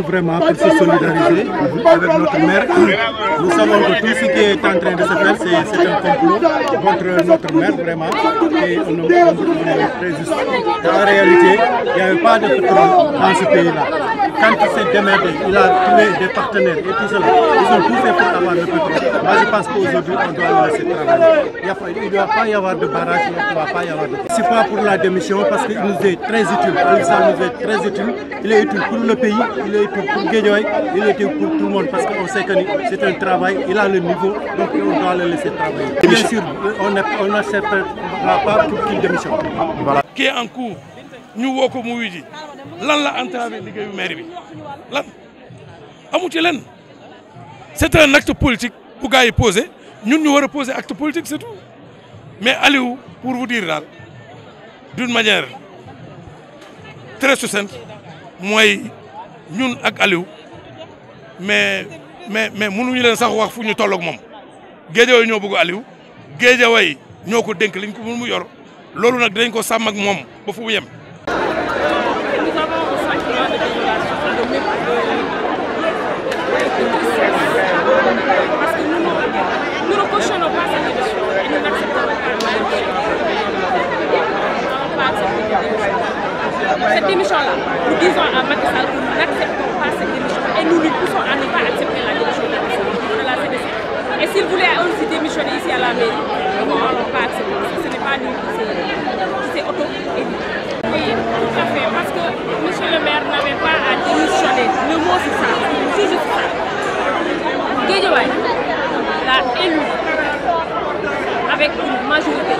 vraiment pour se solidariser avec notre maire. Nous savons que tout ce qui est en train de se faire, c'est un complot contre notre mère, vraiment. Et on est très juste. la réalité, il n'y avait pas de contrôle dans ce pays-là il il a trouvé des partenaires et tout cela. Ils ont tout fait pour avoir le pétrole. Moi, je pense qu'aujourd'hui, on doit le laisser travailler. Il ne doit pas y avoir de barrage, il ne doit pas y avoir de... C'est pas pour la démission parce qu'il nous est très utile. Alexandre nous est très utile. Il est utile pour le pays, il est utile pour Guédioï, il est utile pour tout le monde parce qu'on sait que c'est un travail, il a le niveau, donc on doit le laisser travailler. Bien sûr, on n'acceptera pas qu'il démissionne. Voilà. Qui est en cours, nous, au lan la entravé liggéeyu maire bi lan amu len c'est un acte politique bu gars poser ñun ñu wara poser posé acte politique c'est tout mais Aliou pour vous dire d'une manière très succincte moy ñun ak Aliou mais mais mais ñu leen sax wax fu ñu tolloog moom géejawaay ñoo bëgg Aliou géejawaay ñoo ko dénk liñ ko mu yor loolu nak dañ ko sam ak mom ba fu yem Cette démission-là, nous disons à Macky Sall que nous n'acceptons pas cette démission et nous lui poussons à ne pas accepter la démission de la CDC. Et s'il voulait aussi démissionner ici à la mairie, nous n'allons pas Ce n'est pas nous. c'est auto Oui, tout à fait, parce que M. le maire n'avait pas à démissionner. Le mot c'est ça, c'est ça. Guédiouaï l'a élu avec une majorité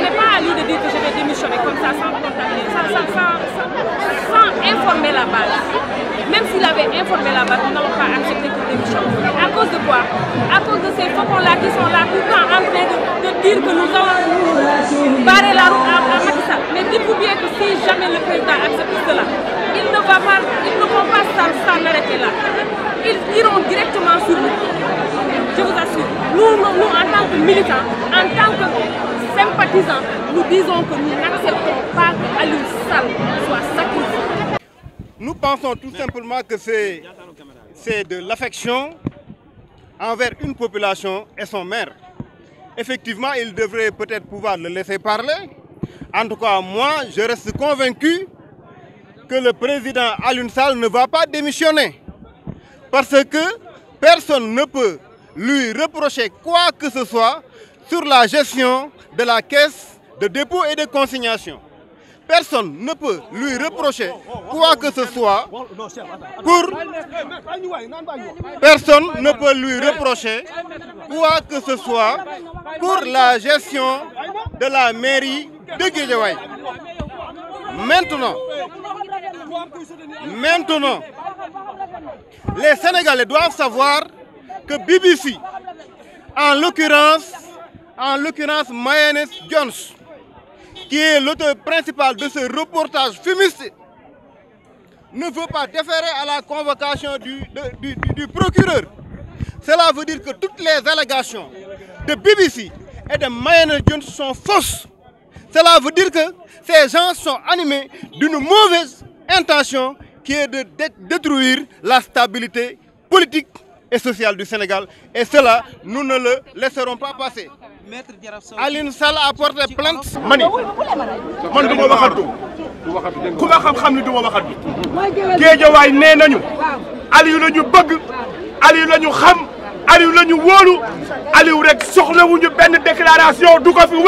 n'est pas à lui de dire que je vais démissionner comme ça, sans sans, informer la base. Même s'il avait informé la base, nous n'allons pas accepté qu'il démissionne. À cause de quoi À cause de ces faucons-là qui sont là tout le temps en train de, dire que nous allons barrer la route à, à Mais dites-vous bien que si jamais le président accepte cela, il ne va pas, ils ne vont pas s'en arrêter là. Ils iront directement sur nous. Je vous assure, nous, nous, nous en tant que militants, en tant que nous disons que nous n'acceptons pas Sall soit sacrifié. Nous pensons tout simplement que c'est de l'affection envers une population et son maire. Effectivement, il devrait peut-être pouvoir le laisser parler. En tout cas, moi, je reste convaincu que le président Alun Sall ne va pas démissionner. Parce que personne ne peut lui reprocher quoi que ce soit sur la gestion de la caisse de dépôt et de consignation. Personne ne peut lui reprocher quoi que ce soit pour personne ne peut lui reprocher quoi que ce soit pour la gestion de la mairie de Guédiouaï. Maintenant, maintenant, les Sénégalais doivent savoir que BBC, en l'occurrence en l'occurrence Mayenes Jones, qui est l'auteur principal de ce reportage fumiste, ne veut pas déférer à la convocation du, procureur. Cela veut dire que toutes les allégations de BBC et de Mayenes Jones sont fausses. Cela veut dire que ces gens sont animés d'une mauvaise intention qui est de détruire la stabilité politique et sociale du Sénégal. Et cela, nous ne le laisserons pas passer. Aline Sall a porté plainte. ma ni du parlé. waxatu. ku ma xam tu ni du ma nous géejawaay nañu. Aliou nous bëgg. Aliou Allez, xam. Aliou la wolu. rek déclaration du ko fi du